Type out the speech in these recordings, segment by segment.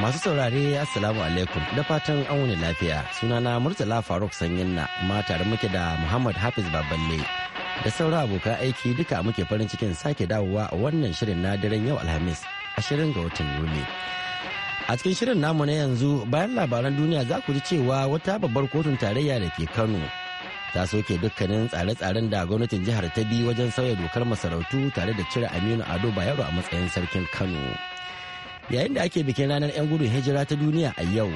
Masu saurare Assalamu alaikum da fatan an wani lafiya sunana Murtala Faruk Sanyin na kuma tare muke da Muhammad Hafiz Baballe da sauran abokan aiki duka muke farin cikin sake dawowa a wannan shirin na daren yau Alhamis shirin ga watan Yuli. A cikin shirin namu na yanzu bayan labaran duniya za ku ji cewa wata babbar kotun tarayya da ke Kano ta soke dukkanin tsare-tsaren da gwamnatin jihar ta bi wajen sauya dokar masarautu tare da cire Aminu Ado Bayero a matsayin sarkin Kano. yayin da ake bikin ranar 'yan gudun hijira ta duniya a yau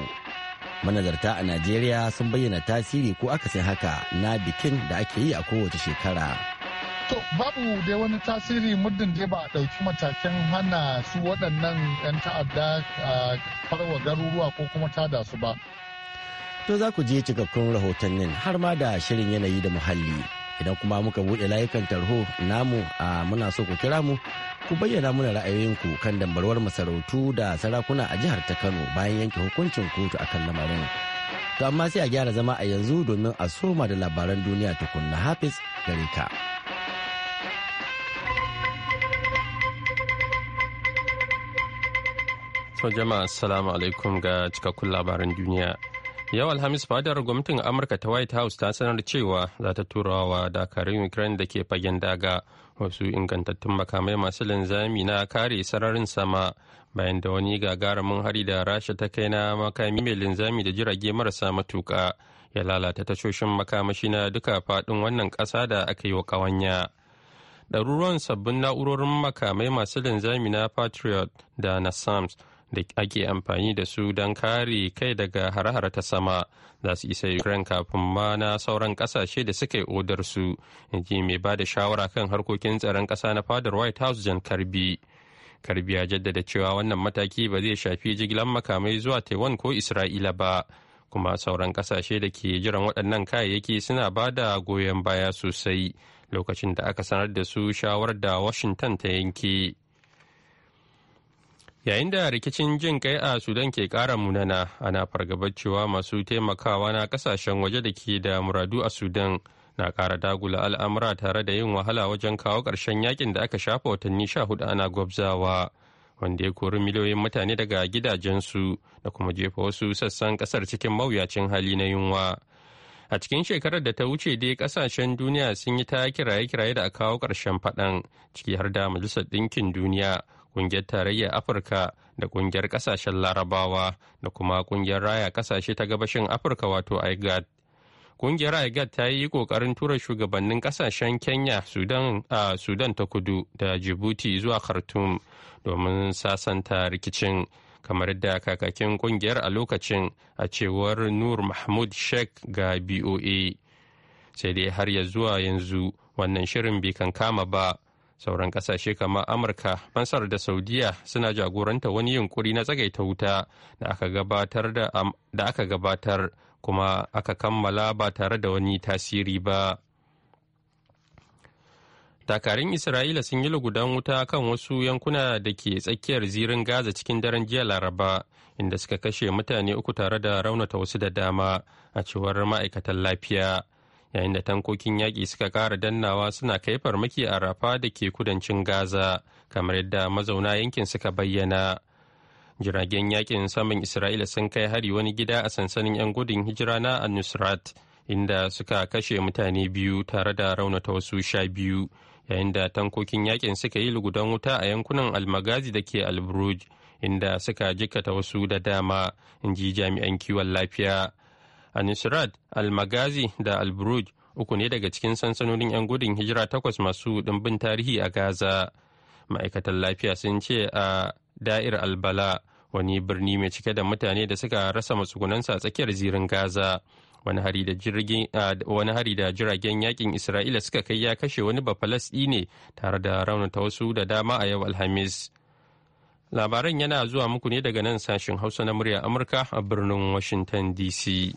manazarta a najeriya sun bayyana tasiri ko akasin haka na bikin da ake yi a kowace shekara to babu dai wani tasiri muddin dai ba a ɗauki matakin hana su waɗannan 'yan ta'adda a farwa garuruwa ko kuma tada su ba to za ku je cikakkun rahotannin har ma da shirin yanayi da muhalli idan kuma muka buɗe layukan tarho namu a muna so ku kira mu ku bayyana muna ra'ayoyinku kan dambarwar masarautu da sarakuna a jihar ta kano bayan yanke hukuncin kotu akan lamarin to amma sai a gyara zama a yanzu domin a soma da labaran duniya tukunna hafiz gare ka. jama'a assalamu alaikum ga cikakkun labaran duniya. Yau Alhamis fadar gwamnatin Amurka ta White House ta sanar cewa za ta turawa wa dakarun Ukraine da ke fagen daga wasu ingantattun makamai masu linzami na kare sararin sama bayan da wani gagarumin hari da rasha ta kai na makami mai linzami da jirage marasa matuka ya lalata tashoshin makamashi na duka faɗin wannan ƙasa da aka yi wa ƙawanya. ɗaruruwan sabbin na'urorin makamai masu linzami na patriot da na sams da ake amfani da su don kare kai daga hare-hare ta sama za su isa ukraine kafin ma na sauran kasashe da suka yi odar su inji mai ba da shawara kan harkokin tsaron kasa na fadar white house jan karbi karbi ya jaddada cewa wannan mataki ba zai shafi jigilan makamai zuwa taiwan ko isra'ila ba kuma sauran kasashe da ke jiran waɗannan kayayyaki suna ba da goyon baya sosai lokacin da aka sanar da su shawarar da washington ta yanke. Yayin da rikicin jin kai a Sudan ke kara munana, ana fargabar cewa masu taimakawa na ƙasashen waje da ke da muradu a Sudan na kara dagula al'amura tare da yin wahala wajen kawo ƙarshen yakin da aka shafa watanni sha hudu ana gwabzawa, wanda ya kori miliyoyin mutane daga gidajensu da kuma jefa wasu sassan ƙasar cikin mawuyacin hali na yunwa. a cikin shekarar da ta wuce dai kasashen duniya sun yi ta kiraye-kiraye da a kawo ƙarshen faɗan ciki har da majalisar ɗinkin duniya ƙungiyar tarayyar afirka da ƙungiyar ƙasashen larabawa da kuma ƙungiyar raya ƙasashe ta gabashin afirka wato igad ƙungiyar igad ta yi ƙoƙarin tura shugabannin ƙasashen kenya sudan ta kudu da jibuti zuwa khartoum domin sasanta rikicin kamar da kakakin ƙungiyar a lokacin a cewar nur mahmud sheikh ga boa sai dai har ya zuwa yanzu wannan shirin bai kan kama ba sauran kasashe kamar amurka fansar da saudiya suna jagoranta wani yunkuri na tsagaita wuta da aka gabatar kuma aka kammala ba tare da wani tasiri ba takarun isra'ila sun yi lugudan wuta kan wasu yankuna da ke tsakiyar zirin gaza cikin daren jiya laraba inda suka kashe mutane uku tare da raunata wasu da dama a cewar ma'aikatan lafiya yayin da tankokin yaƙi suka ƙara dannawa suna kai farmaki a rafa da ke kudancin gaza kamar yadda mazauna yankin suka bayyana jiragen yaƙin saman isra'ila sun kai hari wani gida a sansanin 'yan gudun hijira na annusrat inda suka kashe mutane biyu tare da raunata wasu sha biyu yayin da tankokin yaƙin suka yi lugudan wuta a yankunan almagazi da ke albruj inda suka jikata wasu da dama in ji jami'an kiwon lafiya al almagazi da albruj uku ne daga cikin sansanonin 'yan gudun hijira takwas masu ɗimbin tarihi a gaza ma'aikatan lafiya sun ce a da'ir albala wani birni mai cike da mutane da suka rasa matsugunansa a tsakiyar zirin gaza wani hari da jiragen yakin isra'ila suka kai ya kashe wani bafalasɗi ne tare da raunata wasu da dama a yau alhamis labaran yana zuwa muku ne daga nan sashen hausa na murya amurka a birnin washington dc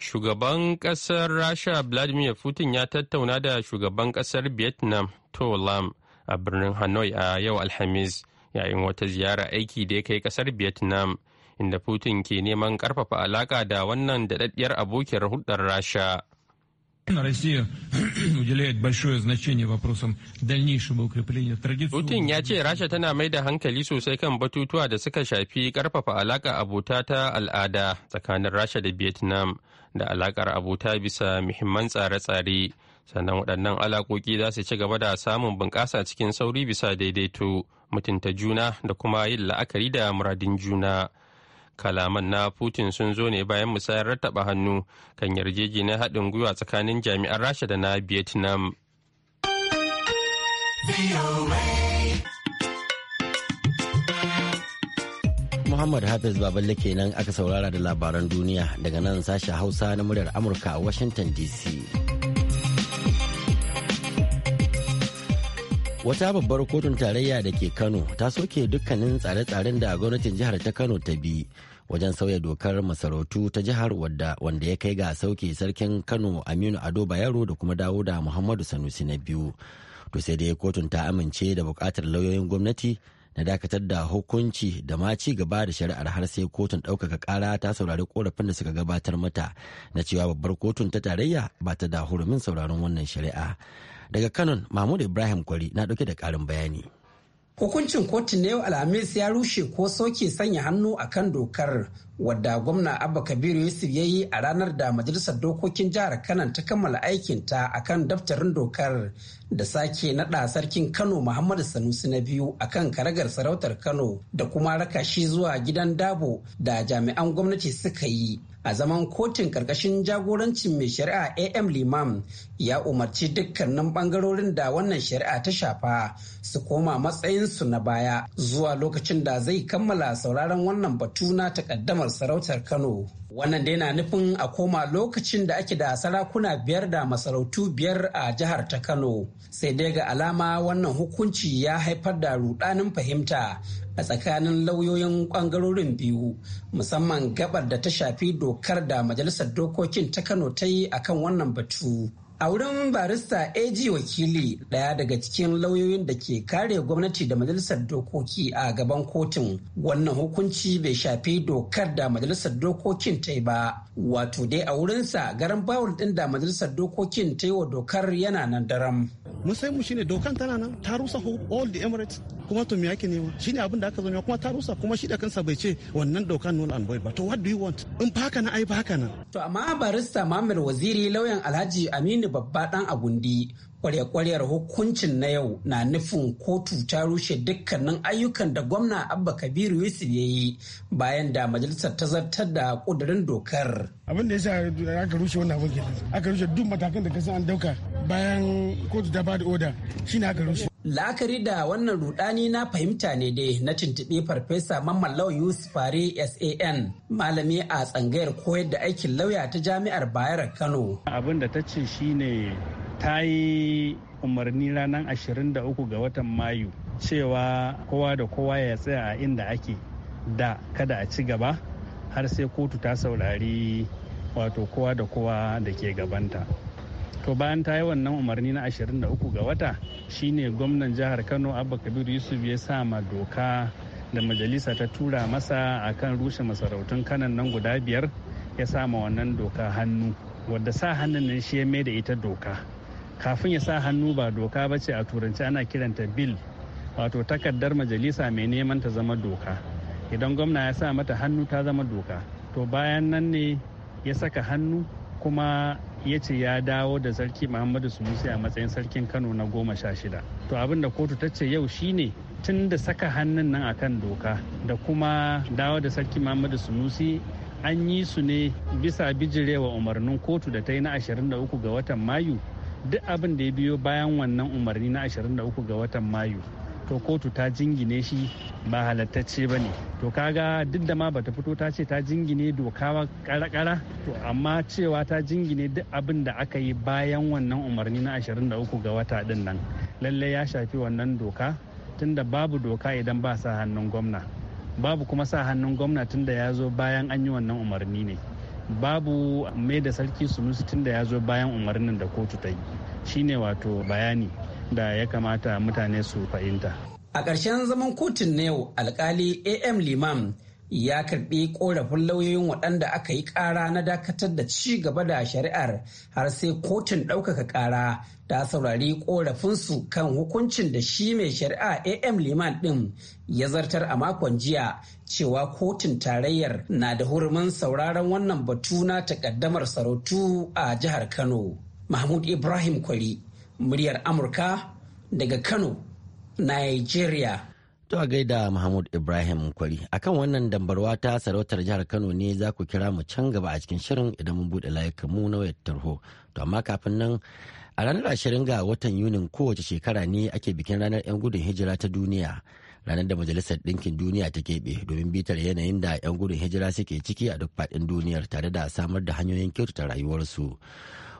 Shugaban ƙasar Rasha Vladimir Putin ya tattauna da shugaban ƙasar Vietnam To Lam a birnin Hanoi a yau Alhamis yayin wata ziyara aiki da ya kai ƙasar Vietnam inda Putin ke neman ƙarfafa alaƙa da wannan daɗaɗɗiyar abokiyar hulɗar Rasha. Putin ya ce Rasha tana mai da hankali sosai kan batutuwa da suka shafi karfafa alaka abota ta al'ada tsakanin Rasha da Vietnam da alakar abota bisa muhimman tsare-tsare sannan waɗannan alaƙoƙi za su ci gaba da samun bunƙasa cikin sauri bisa daidaito mutunta juna da kuma yin la'akari da muradin juna kalaman na putin sun zo ne bayan musayar rattaba hannu kan yarjejeniyar haɗin gwiwa tsakanin jami'an rasha da na vietnam Muhammad Hafiz Baballe kenan aka saurara da labaran duniya daga nan sashen Hausa na muryar Amurka a Washington DC. Wata babbar kotun tarayya da ke Kano ta soke dukkanin tsare-tsaren da gwamnatin jihar ta Kano ta bi wajen sauya dokar masarautu ta jihar wadda wanda ya kai ga sauke sarkin Kano Aminu Ado Bayero da kuma dawo da Muhammadu Sanusi na biyu. To sai dai kotun ta amince da bukatar lauyoyin gwamnati na dakatar da hukunci da ma ci gaba da shari'ar har sai kotun ɗaukaka ƙara ta saurari korafin da suka gabatar mata na cewa babbar kotun ta tarayya ba ta da hurumin sauraron wannan shari'a daga kanon mahmud ibrahim kwari na ɗauke da ƙarin bayani Hukuncin kotu na yau Alhamis ya rushe ko soke sanya hannu a kan dokar wadda gwamna Abba Kabir Yusuf ya yi a ranar da Majalisar Dokokin Jihar Kano ta kammala aikinta a kan daftarin dokar da sake naɗa sarkin Kano Muhammadu Sanusi na biyu a kan karagar sarautar Kano da kuma raka shi zuwa gidan dabo da jami'an gwamnati suka yi a zaman kotun karkashin jagorancin mai shari'a am limam ya umarci dukkanin bangarorin da wannan shari'a ta shafa su koma matsayinsu na baya zuwa lokacin da zai kammala sauraron wannan batu na takaddamar sarautar kano wannan dai na nufin a koma lokacin da ake da sarakuna biyar da masarautu biyar a jihar ta kano sai dai ga alama wannan hukunci ya haifar da rudanin fahimta a tsakanin lauyoyin ɓangarorin biyu musamman gabar da ta shafi dokar da majalisar dokokin ta kano ta yi akan wannan batu A wurin barista AG wakili ɗaya daga cikin lauyoyin da ke kare gwamnati da majalisar dokoki a gaban kotun wannan hukunci bai shafi dokar da majalisar dokokin ta yi ba. Wato dai a wurinsa garan bawul ɗin da majalisar dokokin ta yi wa dokar yana nan daram. Mun sai mu shine dokan tana nan ta rusa all the Emirates kuma to miyake ne nema shine abin da aka zama kuma ta rusa kuma shi da kansa bai ce wannan dokan nuna an ba to what do you want in haka na ai haka na. To amma barista Muhammad Waziri lauyan Alhaji Aminu babba dan agundi kwarya-kwaryar hukuncin na yau na nufin kotu ta rushe dukkanin ayyukan da gwamna abba kabiru yusuf ya yi bayan da majalisar ta zartar da kudurin dokar abin da ya sa aka rushe wannan abin kenan aka rushe duk matakan da kasan an dauka bayan kotu ta bada oda shine aka rushe la'akari da wannan rudani na fahimta ne dai na tuntuɓe farfesa mamman lau yusuf fare san malami a tsangayar koyar da aikin lauya ta jami'ar bayar kano abin da ta ce shine ta yi umarni ranar 23 ga watan mayu cewa kowa da kowa ya tsaya a inda ake da kada a ci gaba har sai kotu ta saurari wato kowa da kowa da ke gabanta to bayan ta yi wannan umarni na 23 ga wata shine gwamnan jihar kano abba kabir yusuf ya sa ma doka da majalisa ta tura masa akan rushe masarautun kanan nan guda biyar ya sa ma wannan doka hannu wadda sa hannun nan shi ya mai da ita doka kafin ya sa hannu ba doka ba ce a turanci ana kiranta bill wato takardar majalisa mai neman ta zama doka idan gwamna ya sa mata hannu ta zama doka to bayan nan ne ya saka hannu kuma ya ce ya dawo da sarki muhammadu sunusi a matsayin sarkin kano na goma sha shida to abin da kotu ta ce yau shine tun da saka hannun nan akan doka da kuma dawo da sarki muhammadu sunusi an yi su ne bisa bijirewa umarnin kotu da ta yi na 23 ga watan mayu duk abin da ya biyo bayan wannan umarni na 23 ga watan mayu to kotu ta jingine shi ba halattacce ba ne to kaga duk da ma bata fito ta ce ta jingine doka ba karakara to amma cewa ta jingine duk abin da aka yi bayan wannan umarni na 23 ga wata din nan lalle ya shafi wannan doka tunda babu doka idan ba sa hannun gwamna babu kuma sa hannun gwamna tunda ya zo bayan an yi wannan umarni ne babu mai da sarki sunusi tun da ya zo bayan umarnin da kotu ta yi shine wato bayani da ya kamata mutane su fahimta a ƙarshen zaman kotun na yau alkali am Liman. ya karbi korafin lauyoyin waɗanda aka yi ƙara na dakatar da ci gaba da shari'ar har sai kotun ɗaukaka ƙara ta saurari korafinsu kan hukuncin da shi mai shari'a am liman ɗin ya zartar a makon jiya cewa kotun tarayyar na da hurumin sauraron wannan batu na takaddamar sarautu a jihar kano mahmud ibrahim kwari muryar amurka daga kano nigeria To a gaida Mahmud Ibrahim Kwari. Akan wannan dambarwa ta sarautar jihar Kano ne za ku kira mu can gaba a cikin shirin idan mun buɗe layukan mu na wayar tarho. To amma kafin nan a ranar ashirin ga watan Yunin kowace shekara ne ake bikin ranar 'yan gudun hijira ta duniya. Ranar da Majalisar Ɗinkin Duniya ta keɓe domin bitar yanayin da 'yan gudun hijira suke ciki a duk faɗin duniyar tare da samar da hanyoyin kyautata rayuwarsu.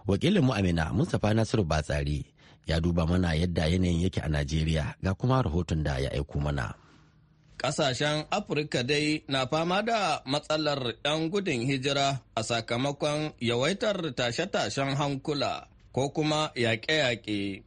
mu Amina Mustapha Nasiru Batsari ya duba mana yadda yanayin yake a Najeriya ga kuma rahoton da ya aiko mana. Ƙasashen Afirka dai na fama da matsalar 'yan gudun hijira a sakamakon yawaitar tashe-tashen hankula ko kuma yaƙe-yaƙe.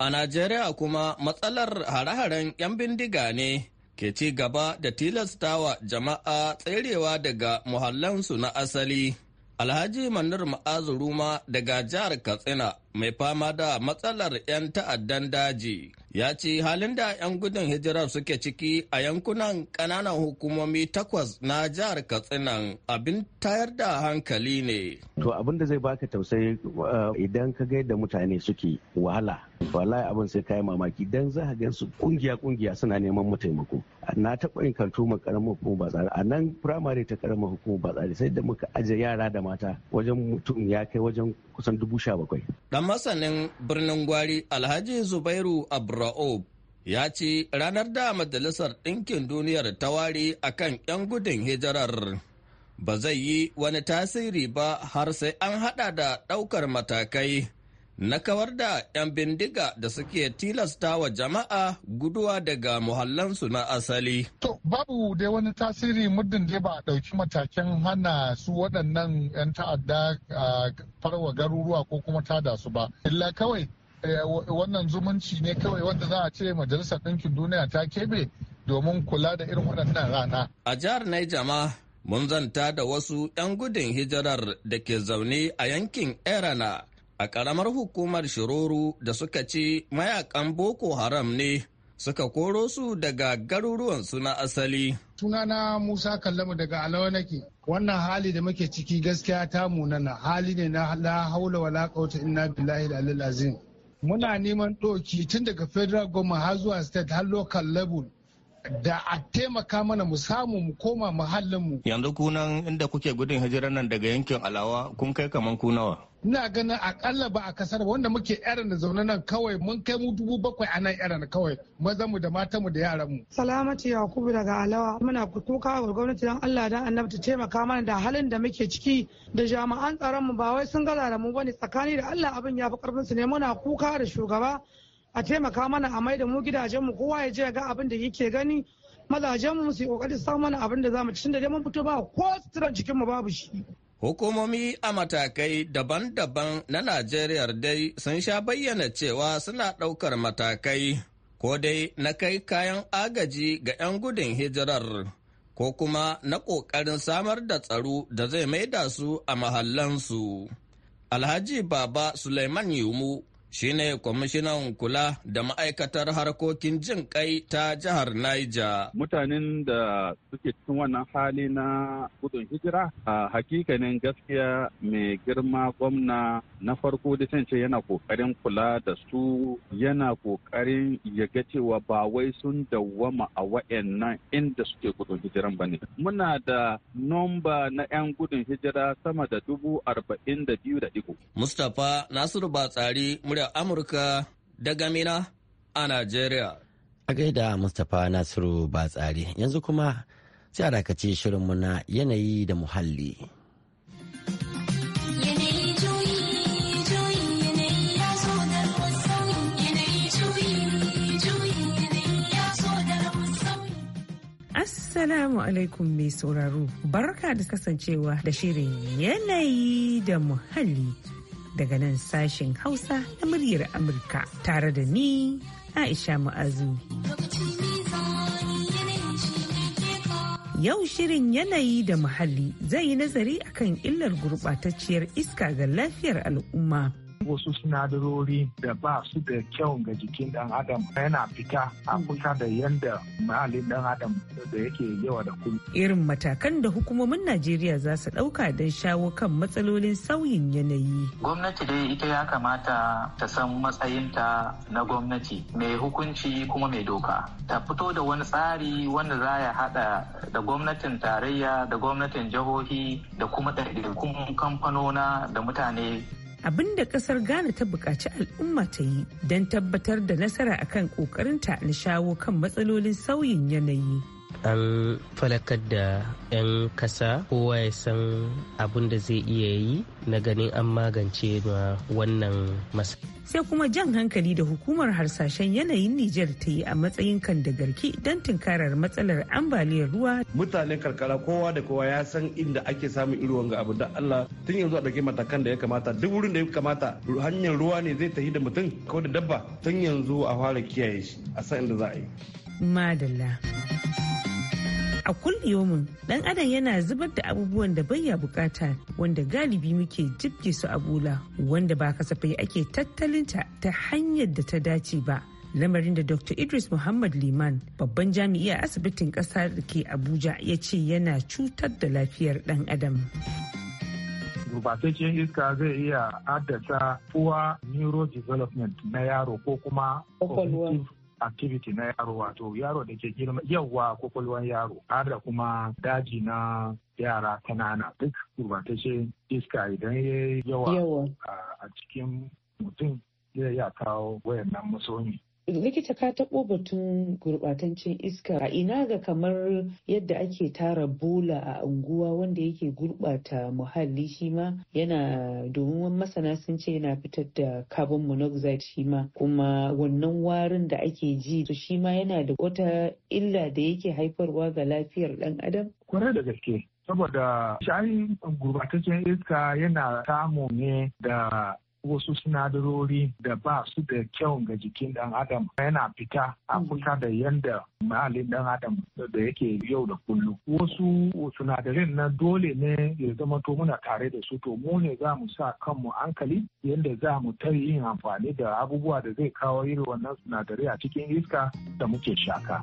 A Najeriya kuma matsalar hare-haren 'yan bindiga ne ke ci gaba da tilastawa jama'a tserewa daga muhallansu na asali. Alhaji Manar Ma'azu Ruma daga jihar Katsina mai fama da matsalar 'yan ta'addan daji ya ce halin da 'yan gudun hijirar suke ciki a yankunan kananan hukumomi takwas na jihar katsina abin tayar da hankali ne to abin da zai baka tausayi eh, idan ka ga da mutane suke wahala wallahi abin sai kai mamaki dan za ka gansu kungiya kungiya suna neman mu taimako na taɓa yin kantu ma karamar hukuma ba a nan firamare ta karamar hukuma ba sai da muka aje yara da mata wajen mutum ya kai wajen kusan dubu sha Dan masanin birnin gwari Alhaji Zubairu Abra'ob ya ce ranar da Majalisar Ɗinkin Duniyar ta ware a kan 'yan gudun hijirar ba zai yi wani tasiri ba har sai an haɗa da ɗaukar matakai na kawar da 'yan bindiga da suke tilasta wa jama'a guduwa daga muhallansu na asali. To, babu dai wani tasiri muddin dai ba a ɗauki matakin hana su waɗannan 'yan ta'adda a farwa garuruwa ko kuma tada su ba. Illa kawai e, wannan zumunci ne kawai wanda za a ce majalisar ɗinkin duniya ta keɓe domin kula da irin waɗannan rana. A jihar Naijama mun zanta da wasu 'yan gudun hijirar da ke zaune a yankin Erana a ƙaramar hukumar Shiroro da suka ce mayakan Boko Haram ne suka koro su daga garuruwansu na asali. Sunana Musa Kallamu daga Alawa nake. Wannan hali da muke ciki gaskiya ta munana hali ne na la haula wala quwwata inna billahi al azim. Muna neman ɗoki tun daga federal government har zuwa state har local level da a taimaka mana mu samu mu koma muhallin Yanzu kunan inda kuke gudun hijirar nan daga yankin Alawa kun kai kaman kunawa. nawa? ina ganin akalla ba a kasar wanda muke yaran da zaune nan kawai mun kai mu dubu bakwai anan yaran kawai mazanmu mu da matan mu da yaran mu salamatu yakubu daga alawa muna kuka ga gwamnati dan Allah dan annabi ta taimaka mana da halin da muke ciki da jami'an tsaron mu ba wai sun gala da mu bane tsakani da Allah abin ya fi karfin su ne muna kuka da shugaba a taimaka mana a maida mu gidajen mu kowa ya je ga abin da yake gani mazajen mu su yi kokarin samun abin da zamu ci tunda dai mun fito ba ko suturan cikin mu babu shi Hukumomi a matakai daban-daban na Najeriya dai sun sha bayyana cewa suna ɗaukar matakai ko dai na kai kayan agaji ga 'yan gudun hijirar ko kuma na ƙoƙarin samar da tsaro da zai maida su a mahallansu. Alhaji Baba Suleiman Yumu shine kwamishinan kula da ma'aikatar harkokin jin kai ta jihar Niger. Mutanen da suke cikin wannan hali na gudun hijira a hakikanin gaskiya mai girma gwamna na farko da ce yana kokarin kula da su yana kokarin ya ga cewa ba wai sun dawwama a wa'annan inda suke gudun hijiran ba ne. Muna da nomba na 'yan gudun hijira sama da dubu arba'in da biyu da Mustapha Nasiru Batsari murar Amurka daga Mina a Najeriya. A gaida Mustapha Nasiru ba tsari yanzu kuma sai a dakace shirinmu na yanayi da muhalli. Assalamu alaikum mai sauraro, barka da kasancewa da shirin yanayi da muhalli daga nan sashen Hausa na muryar Amurka tare da ni Aisha Mu'azu. Yau shirin yanayi da muhalli zai yi nazari akan illar gurɓatacciyar iska ga lafiyar al'umma. wasu sinadarori da ba su da kyau ga jikin dan adam yana fita a kusa da yadda muhallin dan adam da yake yawa da kullum. Irin matakan da hukumomin Najeriya za su ɗauka don shawo kan matsalolin sauyin yanayi. Gwamnati dai ita ya kamata ta san matsayinta na gwamnati mai hukunci kuma mai doka. Ta fito da wani tsari wanda za ya haɗa da gwamnatin tarayya da gwamnatin jihohi da kuma ɗaiɗaikun kamfanona da mutane Abin da kasar ghana ta buƙaci al'umma ta yi don tabbatar da nasara akan kokarinta na shawo kan matsalolin sauyin yanayi an falakar da 'yan kasa kowa ya san abin da zai iya yi na ganin an magance ma wannan masa. sai kuma jan hankali da hukumar harsashen yanayin Nijar ta yi a matsayin kan da garki don tunkarar matsalar ambaliyar ruwa. Mutane karkara kowa da kowa ya san inda ake samun iri wanga abu da Allah tun yanzu a ɗauki matakan da ya kamata duk wurin da ya kamata hanyar ruwa ne zai tafi da mutum ko da dabba tun yanzu a fara kiyaye shi a san inda za a yi. Madalla. a kulliyomin dan adam yana zubar da abubuwan da bai ya bukata wanda galibi muke jibge su a bula wanda ba kasafai ake tattalinta ta hanyar da ta dace ba lamarin da dr idris muhammad liman babban jami'i a asibitin ƙasa da ke abuja ya ce yana cutar da lafiyar dan adam gurbataccen iska zai iya addasa poor neurodevelopment na yaro ko kuma cognitive activity na yaro wato yaro da ke girma yawa kwakwalwan yaro har da kuma daji na yara kanana duk gurbatacce iska idan ya yawa a cikin mutum zai ya kawo wayannan masoni likita ka taɓo batun gurɓatancin iska a ina ga kamar yadda ake tara bola a unguwa wanda yake gurɓata muhalli shi ma yana domin masana sun ce yana fitar da carbon monoxide shi ma kuma wannan warin da ake ji to shi ma yana da wata illa da yake haifarwa ga lafiyar ɗan adam kwarai da gaske saboda shayin gurbataccen iska yana samu ne da wasu sinadarori da ba su da kyau ga jikin dan adam yana fita a mm. kusa da yanda mahalin dan adam da yake yau da kullum wasu sinadarin na dole ne ya zama to muna tare da su to mu ne za mu sa kanmu hankali yanda za mu ta yin amfani da abubuwa da zai kawo irin wannan sinadarai a cikin iska da muke shaka.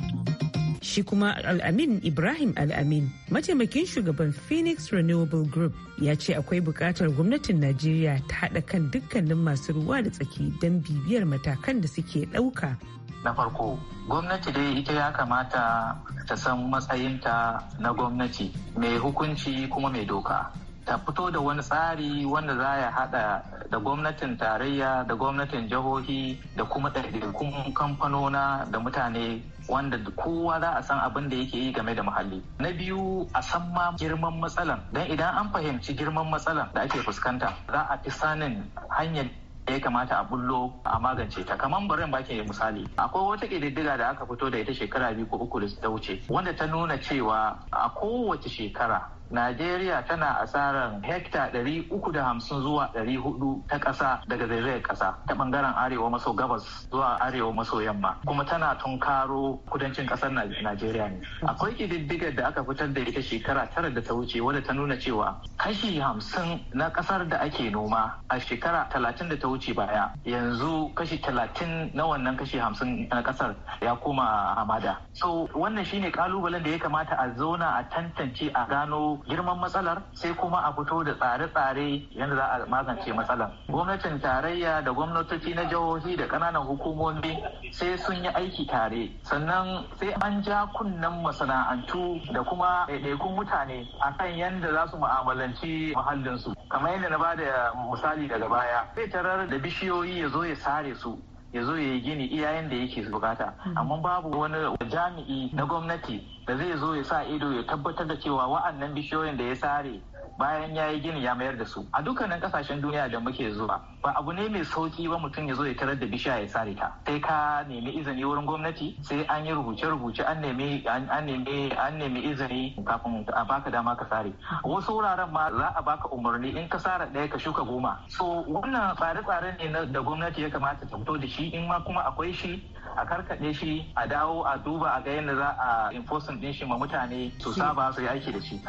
shi kuma al'amin ibrahim al'amin mataimakin shugaban phoenix renewable group ya ce akwai bukatar gwamnatin najeriya ta haɗa kan dukkanin masu ruwa da tsaki don bibiyar matakan da suke ɗauka na farko gwamnati dai ita ya kamata ta san matsayinta na gwamnati mai hukunci kuma mai doka ta fito da wani tsari wanda za ya hada da gwamnatin tarayya da gwamnatin jihohi da kuma ɗaiɗaikun kamfanona da mutane wanda kowa za a san abin da yake yi game da muhalli. Na biyu a san ma girman matsalan don idan an fahimci girman matsalan da ake fuskanta za a fi sanin hanyar da ya kamata a bullo a magance ta kamar barin baki misali akwai wata ƙididdiga da aka fito da ita shekara biyu ko uku da wuce wanda ta nuna cewa a kowace shekara Najeriya tana asarar hekta ɗari uku da 350 zuwa 400 ta ƙasa daga zaizayar ƙasa ta ɓangaren arewa maso gabas zuwa arewa maso yamma kuma tana tunkaro kudancin ƙasar Najeriya ne. Akwai ƙididdigar da aka fitar da ita shekara tara da ta wuce wadda ta nuna cewa kashi hamsin na ƙasar da ake noma a shekara talatin da ta wuce baya yanzu kashi talatin na wannan kashi hamsin na ƙasar ya koma hamada. So wannan shine ƙalubalen da ya kamata a zauna a tantance a gano girman matsalar sai kuma a fito da tsare-tsare yadda za a magance matsalar gwamnatin tarayya da gwamnatoci na jihohi da ƙananan hukumomi sai sun yi aiki tare sannan sai an ja kunnen masana'antu da kuma ɗaiɗaikun mutane akan yadda za su mu'amalanci muhallinsu kamar yadda na ba da misali daga baya zai tarar da bishiyoyi ya zo ya sare su ya zo ya yi gini iyayen da yake bukata hmm. amma babu wani jami'i na gwamnati da zai zo ya sa ido ya tabbatar da cewa wa'annan bishiyoyin da ya sare bayan ya yi gini ya mayar da su a dukkanin kasashen duniya da muke zuwa ba abu ne mai sauki ba mutum ya zo ya tarar da bishiya ya sare ta sai ka nemi izini wurin gwamnati sai an yi rubuce rubuce an nemi an nemi an nemi izini kafin a baka dama ka sare wasu wuraren ma za a baka umarni in ka sare ɗaya ka shuka goma so wannan tsare-tsare ne da gwamnati ya kamata ta fito da shi in ma kuma akwai shi a karkaɗe shi a dawo a duba a ga yadda za a enforcement din shi ma mutane su saba su yi aiki da shi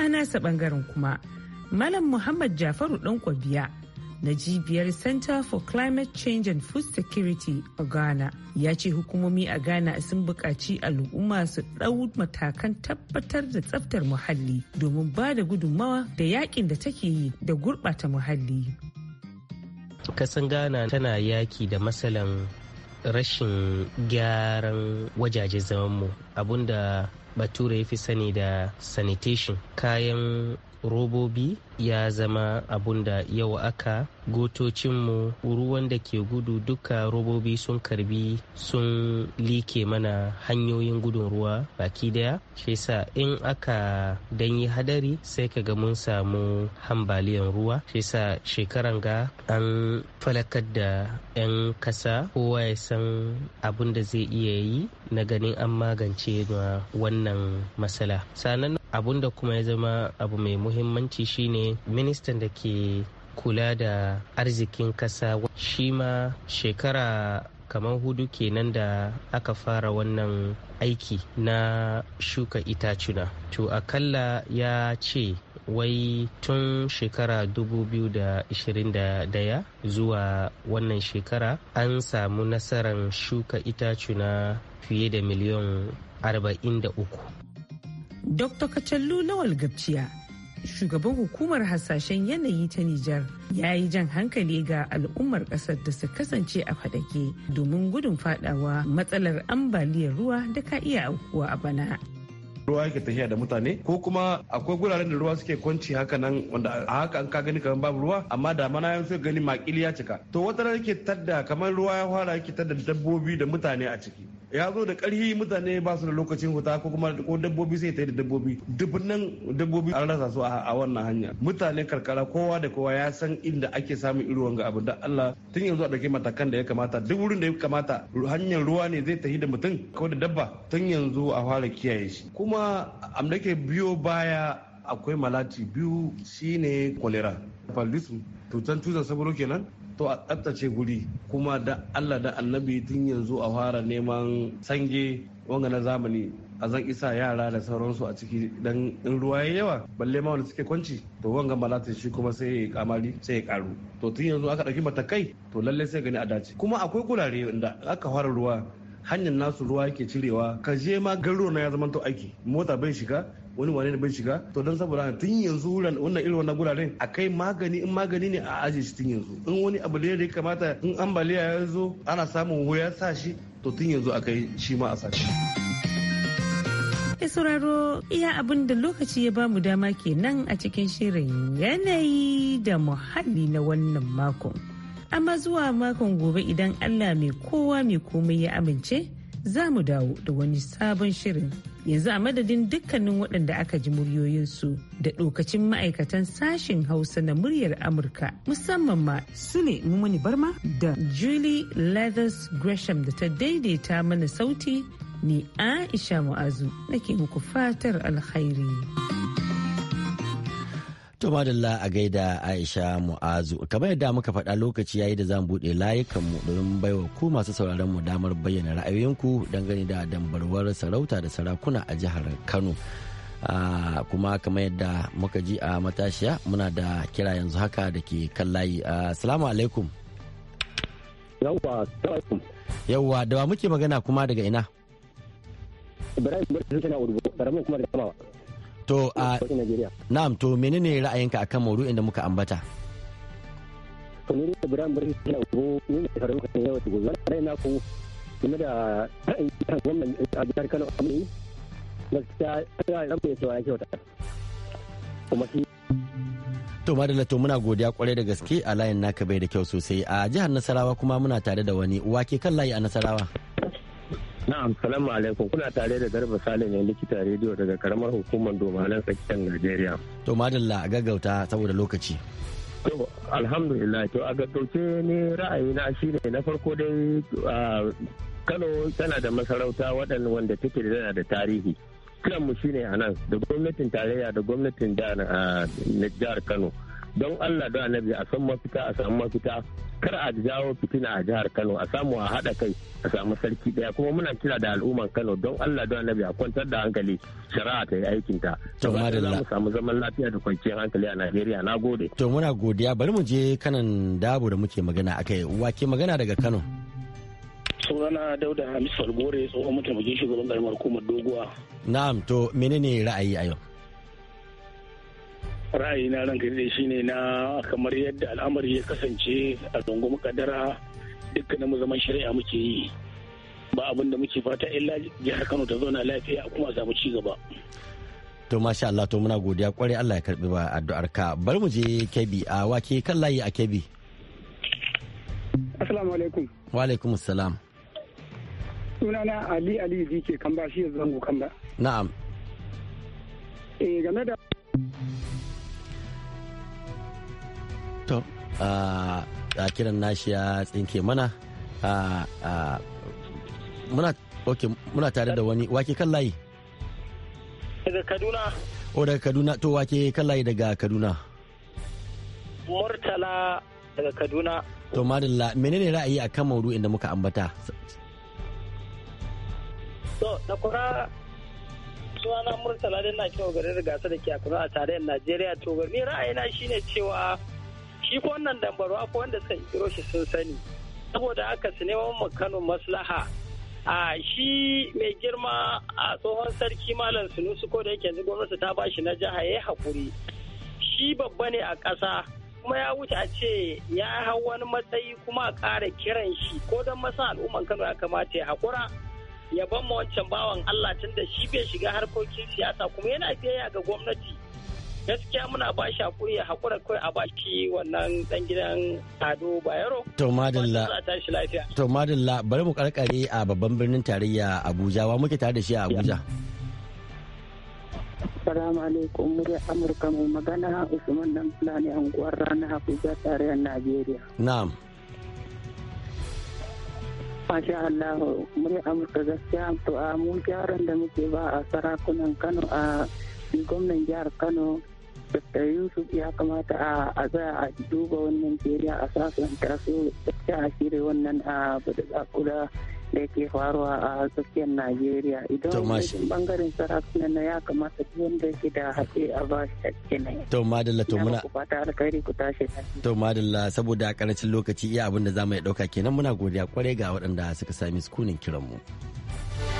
a nasa bangaren kuma malam muhammad jafaru dan kwabiya na jibiyar center for climate change and food security a ghana ya ce hukumomi a ghana sun buƙaci al'umma su ɗau matakan tabbatar da tsaftar muhalli domin ba da gudunmawa da yakin da take yi da gurɓata muhalli kasan ghana tana yaki da matsalan rashin gyaran wajajen zamanmu abinda bature ya fi sani da sanitation kayan robobi ya zama abun da yau aka gotocinmu ruwan da ke gudu duka robobi sun karbi sun like mana hanyoyin gudun ruwa baki daya shi sa in aka danyi hadari sai ka ga mun samu hambaliyan ruwa shi sa shekaran ga an falakar da 'yan kasa kowa ya san abun da zai iya yi na ganin an magance wannan matsala sanan abun da kuma ya zama abu mai muhimmanci shine ministan da ke kula da arzikin kasa shi ma shekara kamar hudu kenan da aka fara wannan aiki na shuka itacuna to akalla ya ce wai tun shekara 2021 zuwa wannan shekara an samu nasarar shuka itacuna fiye da miliyan 43 dr kacallu lawal gabciya shugaban hukumar hasashen yanayi ta Nijar ya yi jan hankali ga al'ummar ƙasar da su kasance a fadake domin gudun fadawa matsalar ambaliyar ruwa da ka iya aukuwa a bana. ruwa yake tafiya da mutane ko kuma akwai guraren da ruwa suke kwanci haka nan wanda a haka an ka gani kamar babu ruwa amma da mana yan gani makili ya cika to wata rana yake tadda kamar ruwa ya fara yake tadda dabbobi da mutane a ciki ya zo da ƙarfi mutane ba su da lokacin huta ko kuma ko dabbobi sai ta yi da dabbobi dubunnan dabbobi an rasa su a wannan hanya mutane karkara kowa da kowa ya san inda ake samun irin wanga abu da Allah tun yanzu a ɗauki matakan da ya kamata duk wurin da ya kamata hanyar ruwa ne zai tafi da mutum ko da dabba tun yanzu a fara kiyaye shi kuma am ke biyo baya akwai malati biyu shine cholera paludism tutan tuzan saboda kenan to a tsaftace guri kuma da allah da annabi tun yanzu a fara neman sange wanga na zamani a zan isa yara da sauransu a ciki dan in ruwa ya yawa balle ma wanda suke kwanci to wanga malatin shi kuma sai ya kamari sai ya karu to tun yanzu aka ɗauki matakai to lallai sai gani a dace kuma akwai gurare inda aka fara ruwa hanyar nasu ruwa yake cirewa ka je ma garuruwa na ya zama to aiki mota bai shiga wani wane ne bai shiga to don saboda tun yanzu wannan irin wannan guraren a kai magani in magani ne a aje shi tun yanzu in wani abu ne da ya kamata in ambaliya ya zo ana samun wuya sa shi to tun yanzu a kai shi ma a sa shi. ya sauraro iya abin da lokaci ya bamu dama kenan a cikin shirin yanayi da muhalli na wannan makon amma zuwa makon gobe idan allah mai kowa mai komai ya amince za mu dawo da wani sabon shirin yanzu a madadin dukkanin waɗanda aka ji muryoyinsu da ɗokacin ma'aikatan sashen hausa na muryar amurka musamman ma su ne mumuni barma da julie leathers gresham da ta daidaita mana sauti ni aisha mu'azu nake muku fatar alkhairi. To madalla a gaida Aisha Mu'azu. Kamar yadda muka faɗa lokaci yayi da zamu buɗe layukanmu domin baiwa ku masu sauraron mu damar bayyana ra'ayoyinku dangane da dambarwar sarauta da sarakuna a jihar Kano. Ah, kuma kamar yadda muka ji a matashiya muna da kira yanzu haka da ke kan layi. Assalamu ah, alaikum. Yawwa, Yawwa, da muke magana kuma daga ina? Ibrahim Barkin kuma daga To a Na'am to menene ra'ayinka akan maudu'in da muka ambata? To da muna godiya kwarai da gaske a layin naka bai da kyau sosai a jihar Nasarawa kuma muna tare da wani wake kan layi a Nasarawa. Na'am, salamu alaikum. Kuna tare da Garba Sale ne likita rediyo daga karamar hukumar Domalan tsakiyar Najeriya. To madalla a gaggauta saboda lokaci. To alhamdulillah to a gaggauce ne ra'ayina ne na farko dai Kano tana da masarauta waɗanda wanda take da da tarihi. shi shine a nan da gwamnatin tarayya da gwamnatin da jihar Kano. don allah da annabi a san mafita a samu mafita kar a jawo fitina a jihar kano a samu a haɗa kai a samu sarki ɗaya kuma muna kira da al'umman kano don allah da annabi a kwantar da hankali shari'a ta yi aikin ta to za mu samu zaman lafiya da kwanciyar hankali a najeriya na gode to muna godiya bari mu je kanan dabo da muke magana akai wake magana daga kano sunana dauda hamis falgore tsohon mataimakin shugaban karamar kuma doguwa na'am to menene ra'ayi a yau ra'ayi na ranka da ne na kamar yadda al'amari ya kasance a rungum kadara dukkanin mu zaman shari'a muke yi ba abin da muke fata illa jihar Kano ta zauna lafiya kuma a samu cigaba. to masha Allah to muna godiya kwarai Allah ya karbi ba addu'ar ka bar mu je kebi a wake kan layi a kebi Assalamu alaikum wa alaikum assalam sunana Ali Ali Zike kan ba shi zango kan ba na'am eh game da to a kiran nashi ya tsinke mana muna muna tare da wani wake kan layi daga kaduna o oh, daga kaduna to wake kan layi daga kaduna murtala daga kaduna to madalla menene ra'ayi a kan mauru inda muka ambata to na kura sunana murtala da na kyau garin rigasa da ke a a tarayyar najeriya to ga ni ra'ayina shine cewa shi ko wannan dambaro wanda suka kiro shi sun sani saboda aka su neman ma Kano maslaha a shi mai girma a tsohon sarki malam sunusu ko da yake yanzu gwamnati ta ba shi na jiha ya hakuri shi babba ne a ƙasa kuma ya wuce a ce ya hau wani matsayi kuma a ƙara kiran shi ko don masa al'umman kano ya kamata ya hakura ya ban ma wancan bawan allah tunda shi bai shiga harkokin siyasa kuma yana biyayya ga gwamnati gaskiya muna ba shi hakuri ya hakura kai a ba shi wannan dan gidan Ado Bayero to madalla to madalla bari mu karkare a babban birnin tarayya Abuja wa muke tare da shi a Abuja Assalamu alaikum Amurka mu magana Usman dan Fulani anguwar rana Abuja tarayya Najeriya na'am Masha Allah muri Amurka gaskiya to a mun gyaran da muke ba a sarakunan Kano a shi gwamnan jihar kano Dr. Yusuf ya kamata a za a duba wannan jeriya a sasanta su ta a shirya wannan a zakula da ke faruwa a tsakiyar Najeriya. Idan wani bangaren sarakunan na ya kamata duk wanda yake da haɗe a ba shi haƙe na. To madalla to muna. Ku fata alkhairi ku tashi. To madalla saboda karancin lokaci iya abin da za mu iya ɗauka kenan muna godiya kwarai ga waɗanda suka sami sukunin kiranmu. mu.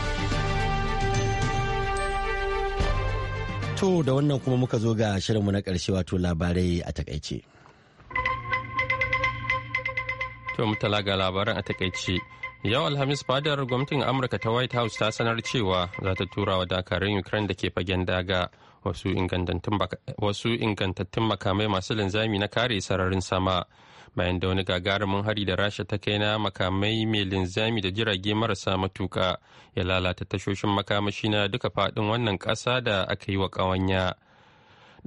To da wannan kuma muka zo ga shirinmu na ƙarshe wato labarai a takaice. To mutala ga labaran a takaice. Yau Alhamis fadar gwamnatin Amurka ta White House ta sanar cewa za ta tura wa dakarun Ukraine da ke fagen daga wasu ingantattun makamai masu linzami na kare sararin sama. bayan da wani gagarumin hari da rasha ta kai na makamai mai linzami da jirage marasa matuka ya lalata tashoshin makamashi na duka fadin wannan kasa da aka yi wa kawanya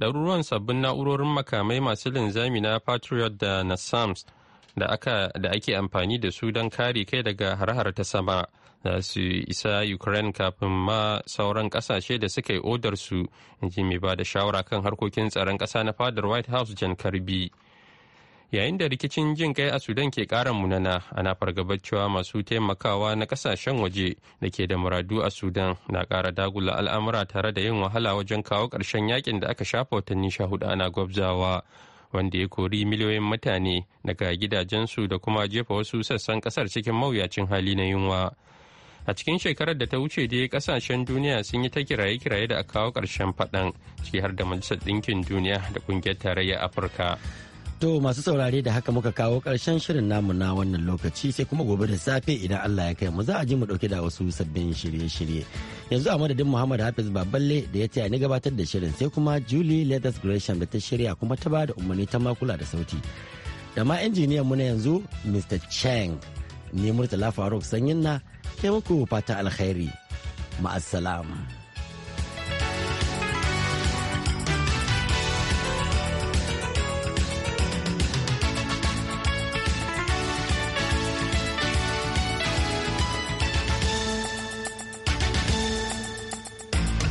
ɗaruruwan sabbin na'urorin makamai masu linzami na patriot da na sams da ake amfani da su don kare kai daga har ta sama za su isa ukraine kafin ma sauran kasashe da suka yi odar su in ji mai ba da shawara kan harkokin tsaron kasa na fadar white house jan karbi yayin da rikicin jin kai a sudan ke kara munana ana fargabar cewa masu taimakawa na kasashen waje da ke da muradu a sudan na kara dagula al'amura tare da yin wahala wajen kawo karshen yakin da aka shafa watanni sha hudu ana gwabzawa wanda ya kori miliyoyin mutane daga gidajensu da kuma jefa wasu sassan kasar cikin mawuyacin hali na yunwa a cikin shekarar da ta wuce dai kasashen duniya sun yi ta kiraye-kiraye da a kawo karshen faɗan ciki har da majalisar ɗinkin duniya da ƙungiyar tarayyar afirka To masu saurare da haka muka kawo ƙarshen shirin namu na wannan lokaci sai kuma gobe da safe idan Allah ya kai mu za a ji mu ɗauke da wasu sabbin shirye-shirye. Yanzu a madadin Muhammad Hafiz Baballe da ya taya ni gabatar da shirin sai kuma Julie Letters Gresham da ta shirya kuma ta ba da umarni ta makula da sauti. Da ma injiniyan mu na yanzu Mr. Cheng ne Murtala Faruk Sanyin na ke muku fata alkhairi. Ma'assalam.